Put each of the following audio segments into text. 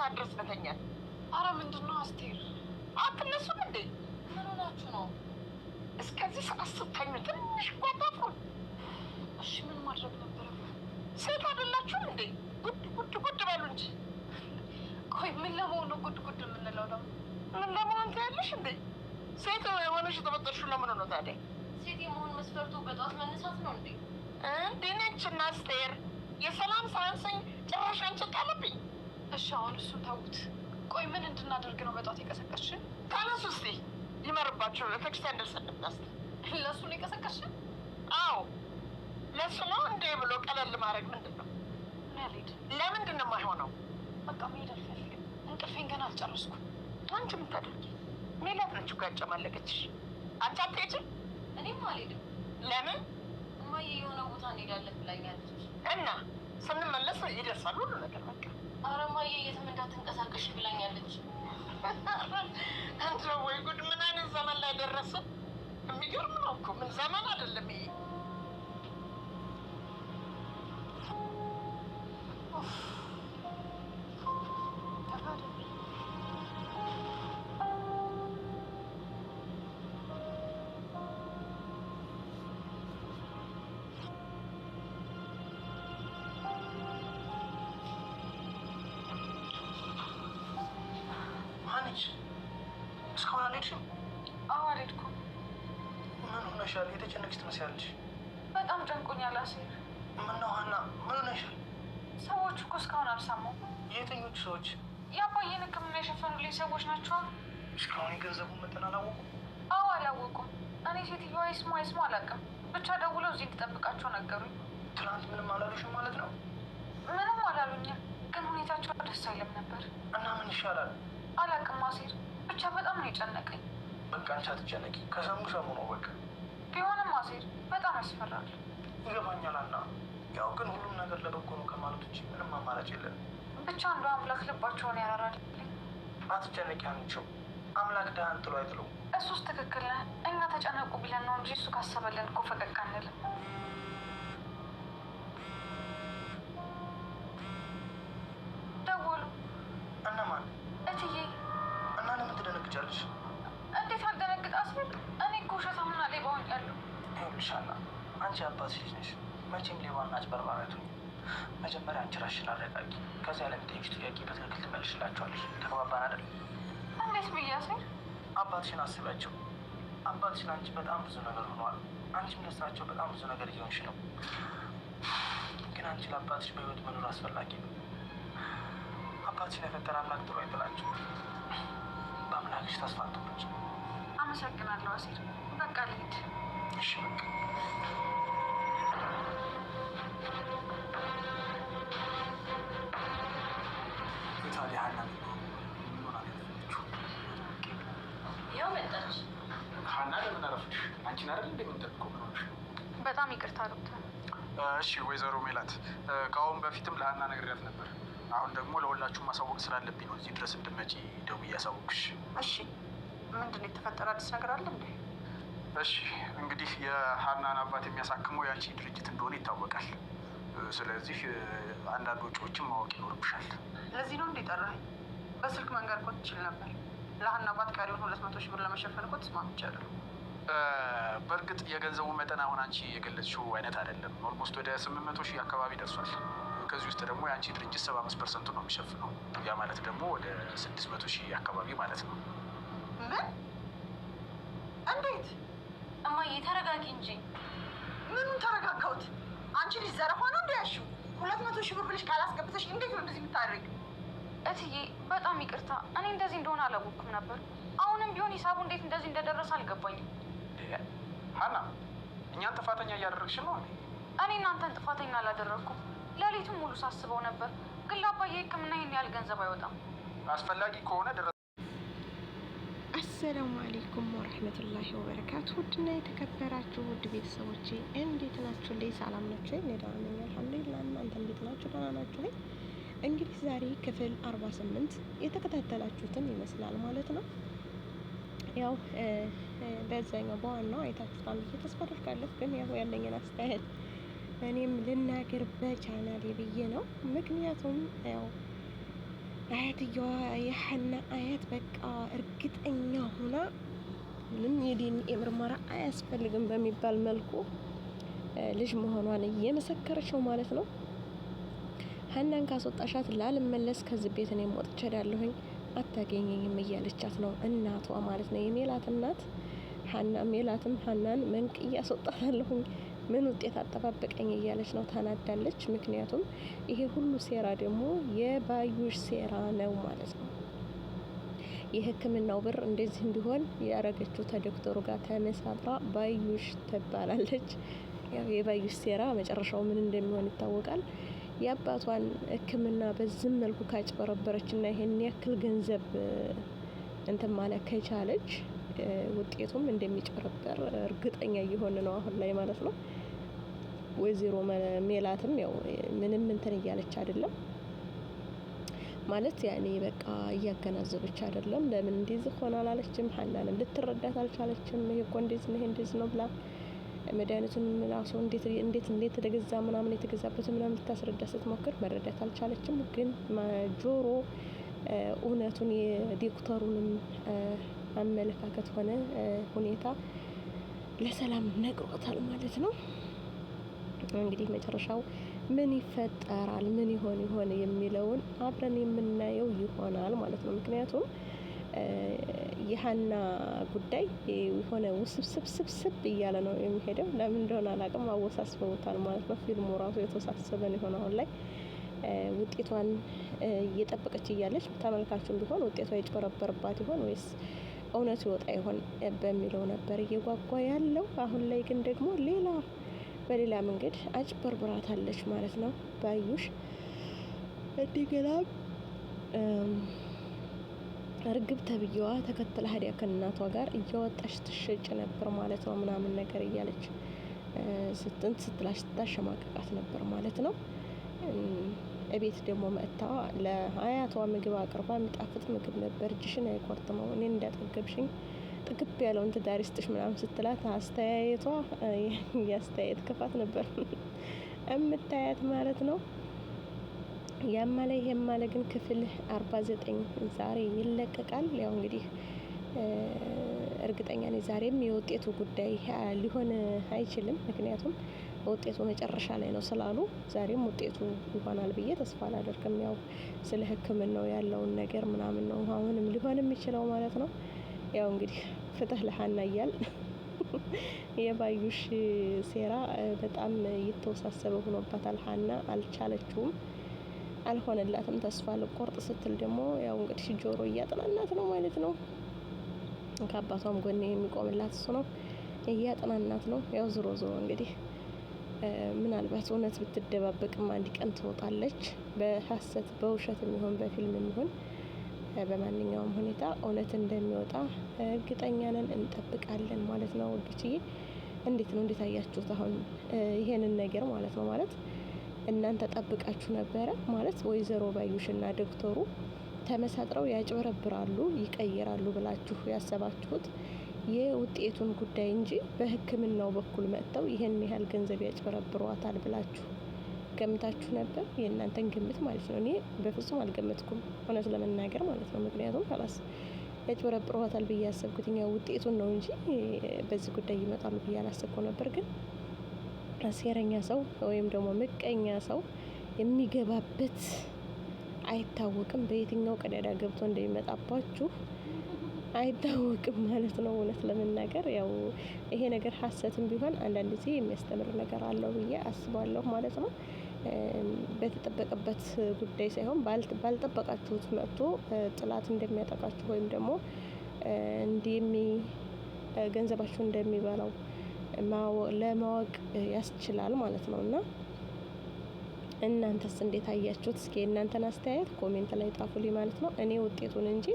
ሰዓት ድረስ በተኛል። አረ ምንድን ነው አስቴር አትነሱም እንዴ? ምን ሆናችሁ ነው እስከዚህ ሰዓት ስተኙ? ትንሽ ጓጣፉ። እሺ ምን ማድረግ ነበረ? ሴት አይደላችሁም እንዴ? ጉድ ጉድ ጉድ በሉ እንጂ። ቆይ ምን ለመሆኑ ጉድ ጉድ የምንለው ነው? ምን ለመሆን ታያለሽ እንዴ? ሴት የሆነሽ የተፈጠርሽው ለምን ነው ታዲያ? ሴት የመሆን መስፈርቱ በጠዋት መነሳት ነው እንዴ? እንዴ ነች እና አስቴር የሰላም ሳያንሰኝ ጭራሽ አንቺ ቃለብኝ እሺ አሁን እሱን ተውት። ቆይ ምን እንድናደርግ ነው በጧት የቀሰቀስሽን? ተነሱ እስኪ ይመርባቸው። ቤተክርስቲያን ደርሰን እንምጣስ። ለእሱ ነው የቀሰቀስሽን? አዎ ለእሱ ነው እንዴ ብሎ ቀለል ማድረግ ምንድን ነው? ሜሪድ ለምንድን ነው የማይሆነው? በቃ መሄድ አልፈልግም። እንቅልፌን ገና አልጨረስኩም። አንቺ የምታደርጊ ሜላት ነች እኮ ያጨማለቀችሽ። አንቺ አትሄጂም? እኔም አልሄድም። ለምን? እማዬ የሆነ ቦታ እንሄዳለን ብላኛለች እና ስንመለስ ይደርሳል ሁሉ ነገር አረማዬ የትም እንዳትንቀሳቀሽ ብላኛለች። እንትን ወይ ጉድ! ምን አይነት ዘመን ላይ ደረሰ? የሚገርም ነው እኮ ምን ዘመን አይደለም ይሄ። ተራደ አልሄድሽም? አዎ አልሄድኩም። ምን ሆነሻል? የተጨነቅሽ ትመስያለሽ። በጣም ጨንቆኛል አሴር። ምነው ሀና፣ ምን ሆነሻል? ሰዎች እኮ እስካሁን አልሰማሁም። የትኞቹ ሰዎች? የአባዬን ሕክምና የሸፈኑልኝ ሰዎች ናቸው። እስካሁን የገንዘቡ መጠን አላወቁም? አዎ አላወቁም። እኔ ሴትዮዋ ይስማ ይስማ አላውቅም። ብቻ ደውለው እዚህ እንድጠብቃቸው ነገሩኝ። ትናንት ምንም አላሉሽም ማለት ነው? ምንም አላሉኝም፣ ግን ሁኔታቸው ደስ አይልም ነበር። እና ምን ይሻላል? አላውቅም አሴር ብቻ በጣም ነው የጨነቀኝ። በቃ አንቺ አትጨነቂ፣ ከሰሙ ሰሙ ነው በቃ። ቢሆንም አሴር በጣም ያስፈራል። ይገባኛል እና ያው ግን ሁሉም ነገር ለበጎ ነው ከማለት ውጭ ምንም አማራጭ የለን። ብቻ አንዱ አምላክ ልባቸውን ያራራል። አትጨነቂ አንቺው አምላክ ደህና ጥሎ አይጥለው። እሱስ ትክክል ነህ። እኛ ተጨነቁ ብለን ነው እንጂ እሱ ካሰበልን እኮ ፈቀቅ አንልም። አንቺ አባት ልጅ ነሽ። መቼም ሌባና አጭበርባሪቱ መጀመሪያ አንቺ ራስሽን አረጋጊ። ከዚያ ለሚጠይቅሽ ጥያቄ በትክክል ትመልሽላቸዋለሽ። ተግባባን አይደል? እንዴት ብያሴ? አባትሽን አስቢያቸው። አባትሽን አንቺ በጣም ብዙ ነገር ሆነዋል። አንቺም ለእሳቸው በጣም ብዙ ነገር እየሆንሽ ነው። ግን አንቺ ለአባትሽ በህይወት መኖር አስፈላጊ ነው። አባትሽን የፈጠረ አምላክ ጥሩ አይጥላቸው። በአምላክሽ ተስፋ አትቁረጪ። አመሰግናለሁ አሴር። በቃ ልሂድ። እሺ በቃ በጣም ይቅርታ ዶክተር። እሺ ወይዘሮ ሜላት ከአሁን በፊትም ለሀና ነግሬያት ነበር። አሁን ደግሞ ለሁላችሁ ማሳወቅ ስላለብኝ ነው እዚህ ድረስ እንድመጪ ደውዬ ያሳወቅሽ። እሺ ምንድን ነው የተፈጠረ? አዲስ ነገር አለ እንዴ? እሺ እንግዲህ የሀናን አባት የሚያሳክመው ያቺ ድርጅት እንደሆነ ይታወቃል። ስለዚህ አንዳንድ ወጪዎችን ማወቅ ይኖርብሻል። ለዚህ ነው እንዴ በስልክ መንገድ እኮ ትችል ነበር። ለሀና አባት ቀሪውን ሁለት መቶ ሺህ ብር ለመሸፈን እኮ ተስማምቻለሁ። በእርግጥ የገንዘቡ መጠን አሁን አንቺ የገለጽሽው አይነት አይደለም። ኦልሞስት ወደ ስምንት መቶ ሺህ አካባቢ ደርሷል። ከዚህ ውስጥ ደግሞ የአንቺ ድርጅት ሰባ አምስት ፐርሰንቱ ነው የሚሸፍነው። ያ ማለት ደግሞ ወደ ስድስት መቶ ሺህ አካባቢ ማለት ነው። ምን ተረጋጊ እንጂ። ምኑን ተረጋጋሁት? አንቺ ልጅ ዘረፋ ነው እንዲ ያልሺው? ሁለት መቶ ሺህ ብር ብለሽ ካላስገብተሽ እንዴት ነው እንደዚህ የምታደርግ? እትዬ በጣም ይቅርታ፣ እኔ እንደዚህ እንደሆነ አላወቅኩም ነበር። አሁንም ቢሆን ሂሳቡ እንዴት እንደዚህ እንደደረሰ አልገባኝም። ሀና፣ እኛን ጥፋተኛ እያደረግሽ ነው። እኔ እናንተን ጥፋተኛ አላደረግኩም። ሌሊቱን ሙሉ ሳስበው ነበር፣ ግን ለአባዬ ሕክምና ይህን ያህል ገንዘብ አይወጣም። አስፈላጊ ከሆነ አሰላሙ አሌይኩም ወረህመቱላሂ ወበረካቱ። ውድና የተከበራችሁ ውድ ቤተሰቦቼ እንዴት ናችሁ? ላይ ሰላም ናችሁ? እኔ ደህና ነኝ አልሐምዱሊላህ። እናንተ እንዴት ናችሁ? ደህና ናችሁ? እንግዲህ ዛሬ ክፍል 48 የተከታተላችሁትን ይመስላል ማለት ነው። ያው በዛኛው በዋናው አይታችሁታል ብዬ ተስፋ አደርጋለሁ። ግን ያው ያለኝን አስተያየት እኔም ልናገር በቻናሌ ብዬ ነው ምክንያቱም ያው አያትየዋ የሀና አያት በቃ እርግጠኛ ሆና ምንም የዲኤንኤ ምርመራ አያስፈልግም በሚባል መልኩ ልጅ መሆኗን እየመሰከረች ነው ማለት ነው። ሀናን ካስወጣሻት ላልመለስ ከዚህ ቤት እኔም ወጥቻለሁኝ አታገኘኝም እያለቻት ነው እናቷ ማለት ነው። የሜላት እናት ሀና ሜላትም ሀናን መንቅ እያስወጣታለሁኝ ምን ውጤት አጠባበቀኝ እያለች ነው ታናዳለች። ምክንያቱም ይሄ ሁሉ ሴራ ደግሞ የባዩሽ ሴራ ነው ማለት ነው። የሕክምናው ብር እንደዚህ እንዲሆን ያረገችው ተዶክተሩ ጋር ተመሳጥራ ባዩሽ ትባላለች። የባዩሽ ሴራ መጨረሻው ምን እንደሚሆን ይታወቃል። የአባቷን ሕክምና በዝም መልኩ ካጭበረበረች እና ይሄን ያክል ገንዘብ እንትን ማለት ከቻለች ውጤቱም እንደሚጨረበር እርግጠኛ እየሆን ነው አሁን ላይ ማለት ነው። ወይዘሮ ሜላትም ያው ምንም እንትን እያለች አይደለም ማለት ያኔ በቃ እያገናዘበች አይደለም። ለምን እንደዚህ ሆነ አላለችም። ሀናንም ልትረዳት አልቻለችም። ይሄ እኮ እንዴት ነው፣ ይሄ እንዴት ነው ብላ መድኃኒቱን ምላሶ እንዴት እንዴት እንዴት የተገዛ ምናምን የተገዛበት ምናምን ልታስረዳ ስትሞክር መረዳት አልቻለችም። ግን ጆሮ እውነቱን የዶክተሩንም አመለካከት ሆነ ሁኔታ ለሰላም ነግሮታል ማለት ነው። ማለት ነው። እንግዲህ መጨረሻው ምን ይፈጠራል፣ ምን ይሆን ይሆን የሚለውን አብረን የምናየው ይሆናል ማለት ነው። ምክንያቱም የሀና ጉዳይ የሆነ ውስብስብስብስብ እያለ ነው የሚሄደው። ለምን እንደሆነ አላውቅም፣ አወሳስበውታል ማለት ነው። ፊልሙ ራሱ የተወሳሰበን የሆነ አሁን ላይ ውጤቷን እየጠበቀች እያለች ተመልካቹም ቢሆን ውጤቷ የጨረበርባት ይሆን ወይስ እውነቱ ይወጣ ይሆን በሚለው ነበር እየጓጓ ያለው። አሁን ላይ ግን ደግሞ ሌላ በሌላ መንገድ አጭበርብራታለች ማለት ነው ባዩሽ። እንደገናም እርግብ ተብዬዋ ተከትላ ሀዲያ ከእናቷ ጋር እያወጣች ትሸጭ ነበር ማለት ነው ምናምን ነገር እያለች ስትንት ስትላሽ ስታሸማቅቃት ነበር ማለት ነው። እቤት ደግሞ መጥታ ለአያቷ ምግብ አቅርባ የሚጣፍጥ ምግብ ነበር። እጅሽን አይቆርጥመው እኔን እንዳጠገብሽኝ ጥግብ ያለውን ትዳር ይስጥሽ ምናምን ስትላት አስተያየቷ የአስተያየት ክፋት ነበር የምታያት ማለት ነው። ያማለ የማለ ግን ክፍል አርባ ዘጠኝ ዛሬ ይለቀቃል። ያው እንግዲህ እርግጠኛ ነኝ ዛሬም የውጤቱ ጉዳይ ሊሆን አይችልም። ምክንያቱም ውጤቱ መጨረሻ ላይ ነው ስላሉ ዛሬም ውጤቱ ይሆናል ብዬ ተስፋ አላደርግም። ያው ስለ ሕክምናው ያለውን ነገር ምናምን ነው አሁንም ሊሆን የሚችለው ማለት ነው። ያው እንግዲህ ፍትህ ለሀና እያል የባዩሽ ሴራ በጣም እየተወሳሰበ ሆኖባታል። ሀና አልቻለችውም፣ አልሆነላትም። ተስፋ ልቆርጥ ስትል ደግሞ ያው እንግዲህ ጆሮ እያጥናናት ነው ማለት ነው። ከአባቷም ጎን የሚቆምላት እሱ ነው፣ እያጥናናት ነው። ያው ዝሮ ዝሮ እንግዲህ ምናልባት እውነት ብትደባበቅም አንድ ቀን ትወጣለች፣ በሀሰት በውሸት የሚሆን በፊልም የሚሆን በማንኛውም ሁኔታ እውነት እንደሚወጣ እርግጠኛ ነን፣ እንጠብቃለን ማለት ነው ውዶችዬ። እንዴት ነው እንዴት አያችሁት? አሁን ይሄንን ነገር ማለት ነው ማለት እናንተ ጠብቃችሁ ነበረ ማለት ወይዘሮ ባዩሽና ዶክተሩ ተመሳጥረው ያጭበረብራሉ፣ ይቀይራሉ ብላችሁ ያሰባችሁት የውጤቱን ጉዳይ እንጂ በሕክምናው በኩል መጥተው ይህን ያህል ገንዘብ ያጭበረብሯታል ብላችሁ ገምታችሁ ነበር? የእናንተን ግምት ማለት ነው። እኔ በፍጹም አልገመትኩም እውነት ለመናገር ማለት ነው። ምክንያቱም ከላስ ያጭበረብሯታል ብዬ ያሰብኩት ውጤቱን ነው እንጂ በዚህ ጉዳይ ይመጣሉ ብዬ አላሰብኩ ነበር። ግን ሴረኛ ሰው ወይም ደግሞ ምቀኛ ሰው የሚገባበት አይታወቅም። በየትኛው ቀዳዳ ገብቶ እንደሚመጣባችሁ አይታወቅም ማለት ነው። እውነት ለመናገር ያው ይሄ ነገር ሀሰትም ቢሆን አንዳንድ ጊዜ የሚያስተምር ነገር አለው ብዬ አስባለሁ ማለት ነው። በተጠበቀበት ጉዳይ ሳይሆን ባልጠበቃችሁት መጥቶ ጥላት እንደሚያጠቃችሁ ወይም ደግሞ እንደሚ ገንዘባችሁ እንደሚበላው ለማወቅ ያስችላል ማለት ነው እና እናንተስ እንዴት አያችሁት? እስኪ እናንተን አስተያየት ኮሜንት ላይ ጣፉልኝ ማለት ነው። እኔ ውጤቱን እንጂ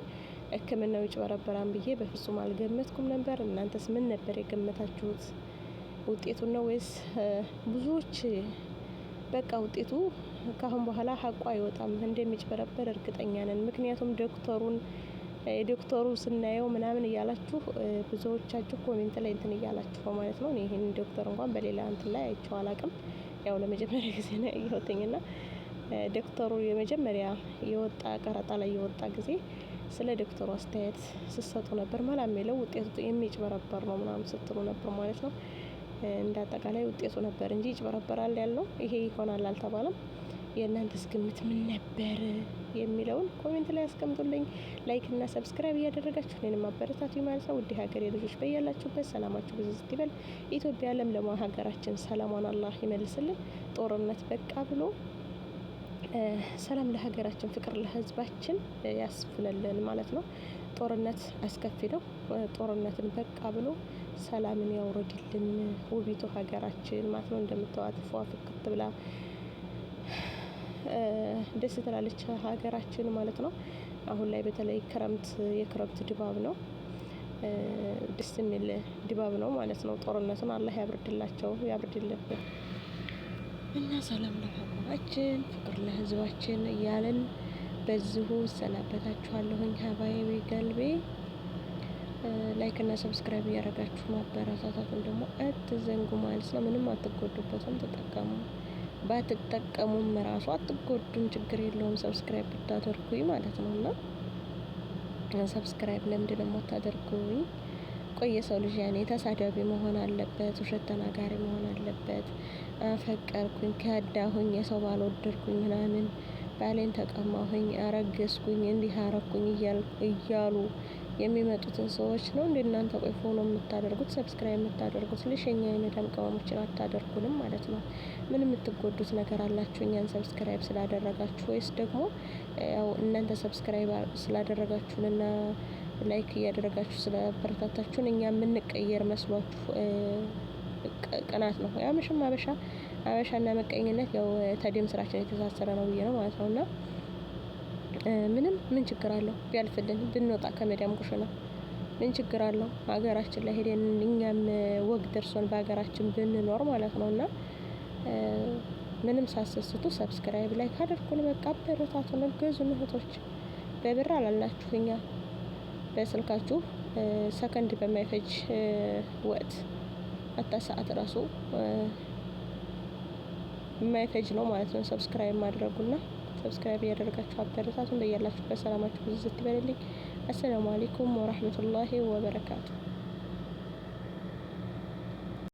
ሕክምናው ይጭበረበራን ብዬ በፍጹም አልገመትኩም ነበር። እናንተስ ምን ነበር የገመታችሁት? ውጤቱን ነው ወይስ ብዙዎች በቃ ውጤቱ ካሁን በኋላ ሀቁ አይወጣም እንደሚጭበረበር እርግጠኛ ነን። ምክንያቱም ዶክተሩን ዶክተሩ ስናየው ምናምን እያላችሁ ብዙዎቻችሁ ኮሜንት ላይ እንትን እያላችሁ ነው ማለት ነው። ይህን ዶክተር እንኳን በሌላ እንትን ላይ አይቼው አላቅም። ያው ለመጀመሪያ ጊዜ ነው ና ዶክተሩ የመጀመሪያ የወጣ ቀረጣ ላይ የወጣ ጊዜ ስለ ዶክተሩ አስተያየት ስሰጡ ነበር። መላ የሚለው ውጤቱ የሚጭበረበር ነው ምናምን ስትሉ ነበር ማለት ነው። እንደ አጠቃላይ ውጤቱ ነበር እንጂ ይጭበረበራል ያለው ይሄ ይሆናል አልተባለም። የእናንተስ ግምት ምን ነበር የሚለውን ኮሜንት ላይ አስቀምጡልኝ ላይክ እና ሰብስክራይብ እያደረጋችሁ እኔንም ማበረታቱ ማለት ነው። ውድ ሀገሬ ልጆች በያላችሁበት ሰላማችሁ ብዙ ይበል። ኢትዮጵያ ለምለማ ሀገራችን ሰላሟን አላህ ይመልስልን። ጦርነት በቃ ብሎ ሰላም ለሀገራችን፣ ፍቅር ለህዝባችን ያስፍንልን ማለት ነው። ጦርነት አስከፊ ነው። ጦርነትን በቃ ብሎ ሰላምን ያውረድልን ውቢቱ ሀገራችን ማለት ነው። እንደምታዋት ፏ ብላ ደስ ትላለች ሀገራችን ማለት ነው። አሁን ላይ በተለይ ክረምት የክረምት ድባብ ነው፣ ደስ የሚል ድባብ ነው ማለት ነው። ጦርነቱን አላህ ያብርድላቸው ያብርድልን እና ሰላም ለሀገራችን ፍቅር ለህዝባችን እያለን በዚሁ እሰናበታችኋለሁኝ። ሀባይቤ ገልቤ ላይክ እና ሰብስክራይብ እያደረጋችሁ ማበረታታቱን ደግሞ አትዘንጉ ማለት ነው። ምንም አትጎዱበትም፣ ተጠቀሙ። ባትጠቀሙም ራሱ አትጎዱም፣ ችግር የለውም። ሰብስክራይብ ብታደርጉኝ ማለት ነው እና ሰብስክራይብ ለምንድን ነው የማታደርጉኝ? ቆየ ሰው ልጅ ያኔ ተሳዳቢ መሆን አለበት? ውሸት ተናጋሪ መሆን አለበት? አፈቀርኩኝ፣ ከዳሁኝ፣ የሰው ባልወደድኩኝ ምናምን፣ ባሌን ተቀማሁኝ፣ አረገዝኩኝ፣ እንዲህ አረኩኝ እያሉ የሚመጡትን ሰዎች ነው እንደ እናንተ ቆይ ፎሎ የምታደርጉት ሰብስክራይብ የምታደርጉት ልሽ የኛ የመዳም ቅመሞችን አታደርጉንም ማለት ነው። ምን የምትጎዱት ነገር አላችሁ እኛን ሰብስክራይብ ስላደረጋችሁ? ወይስ ደግሞ ያው እናንተ ሰብስክራይብ ስላደረጋችሁንና ላይክ እያደረጋችሁ ስለበረታታችሁን እኛ የምንቀየር መስሏችሁ ቅናት ነው? ያው አበሻ አበሻና መቀኝነት ያው ተደም ስራችን የተሳሰረ ነው ብዬ ነው ማለት ነውና ምንም ምን ችግር አለው ቢያልፍልን ብንወጣ ከመዳም ኩሽና ምን ችግር አለው? ሀገራችን ላይ ሄደን እኛም ወግ ደርሶን በሀገራችን ብንኖር ማለት ነው። እና ምንም ሳሰስቱ ሰብስክራይብ ላይ ካደርኩን በቃ አበረታቱን፣ እገዙን እህቶች። በብር አላልናችሁ እኛ በስልካችሁ ሰከንድ በማይፈጅ ወቅት አታ ሰዓት ራሱ የማይፈጅ ነው ማለት ነው ሰብስክራይብ ማድረጉና ሰብስክራይብ እያደረጋችሁ አበረታቱን። በያላችሁበት ሰላማችሁ ብዙ ስትበልልኝ። አሰላሙ አሌይኩም ወራህመቱላሂ ወበረካቱ